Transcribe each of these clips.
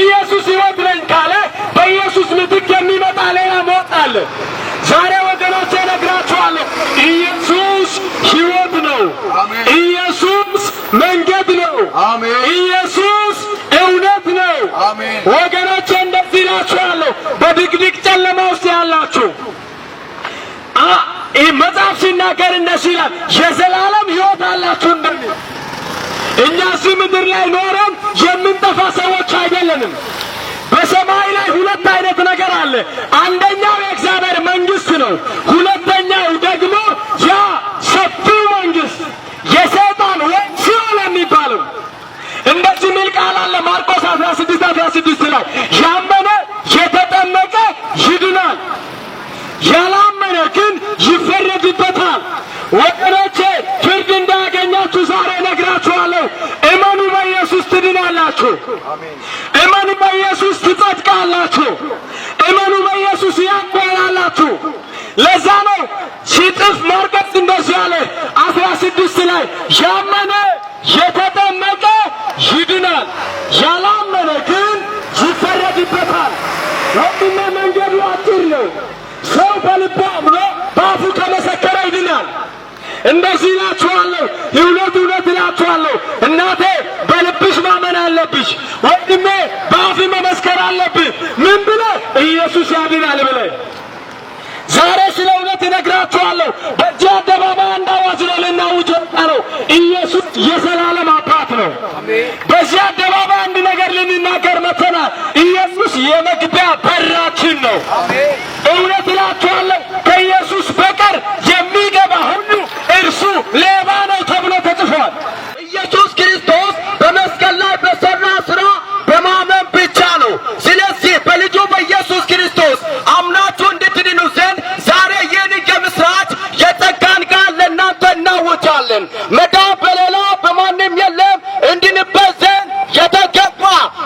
ኢየሱስ ሕይወት ነኝ ካለ በኢየሱስ ምትክ የሚመጣ ሌላ ሞት አለ። ዛሬ ወገኖች እነግራችኋለሁ፣ ኢየሱስ ሕይወት ነው። ኢየሱስ መንገድ ነው። ኢየሱስ እውነት ነው። ወገኖች እንደዚህ እላችኋለሁ፣ በድቅድቅ ጨለማ ውስጥ ያላችሁ መጽሐፍ ሲናገር እንደዚህ ይላል፣ የዘላለም ሕይወት አላችሁ እንደሚል እኛ እዚህ ምድር ላይ ኖረን የምንጠፋ ሰዎች አይደለንም። በሰማይ ላይ ሁለት አይነት ነገር አለ። አንደኛው የእግዚአብሔር መንግስት ነው። ሁለተኛው ደግሞ ያ ሰፊው መንግስት የሰይጣን ወይ ሲኦል የሚባለው። እንደዚህ ሚል ቃል አለ ማርቆስ 16 16 ላይ ያመነ የተጠመቀ ይድናል፣ ያላመነ ግን ይፈረድበታል። ወገኖቼ ፍርድ እንዳያገኛችሁ ዛሬ ነግራችኋለሁ። ትድናላችሁ። እመኑ በኢየሱስ ትጸድቃላችሁ። እመኑ በኢየሱስ ያቆያላችሁ። ለዛ ነው ሲጥፍ ማርቆስ እንደዚህ ያለ አስራ ስድስት ላይ ያመነ የተጠመቀ ይድናል፣ ያላመነ ግን ይፈረድበታል። ወንድሜ መንገዱ አጭር ነው። ሰው በልባ ብሎ በአፉ ከመሰከረ ይድናል። እንደዚህ እላችኋለሁ፣ የእውነት እውነት እላችኋለሁ እናቴ አለብሽ ወንድሜ፣ በአፍ መመስከር አለብህ። ምን ብለህ ኢየሱስ ያድናል ብለህ ዛሬ ስለ እውነት እነግራችኋለሁ። በዚህ አደባባይ አንድ አዋጅ ነው ልናውጅ የወጣነው። ኢየሱስ የዘላለም አባት ነው። በዚህ አደባባይ አንድ ነገር ልንናገር መጥተናል። ኢየሱስ የመግቢያ በራችን ነው። እውነት እላችኋለሁ ሰዎች አለን። መዳን በሌላ በማንም የለም እንድንበት ዘንድ የተገባ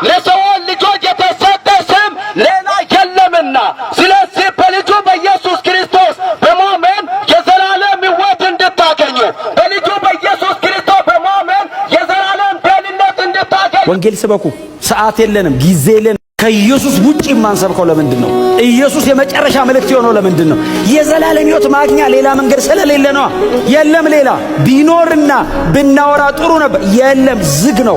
ለሰው ልጆች የተሰጠ ስም ሌላ የለምና፣ ስለዚህ በልጁ በኢየሱስ ክርስቶስ በማመን የዘላለም ሕይወት እንድታገኙ በልጁ በኢየሱስ ክርስቶስ በማመን የዘላለም ደህንነት እንድታገኙ ወንጌል ስበኩ። ሰዓት የለንም፣ ጊዜ የለንም። ከኢየሱስ ውጪ የማንሰብከው ለምንድን ነው? ኢየሱስ የመጨረሻ መልእክት የሆነው ለምንድን ነው? የዘላለም ሕይወት ማግኛ ሌላ መንገድ ስለሌለ ነዋ። የለም ሌላ ቢኖርና ብናወራ ጥሩ ነበር። የለም ዝግ ነው።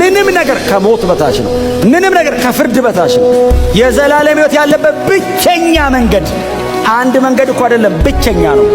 ምንም ነገር ከሞት በታች ነው። ምንም ነገር ከፍርድ በታች ነው። የዘላለም ሕይወት ያለበት ብቸኛ መንገድ አንድ መንገድ እኮ አይደለም፣ ብቸኛ ነው።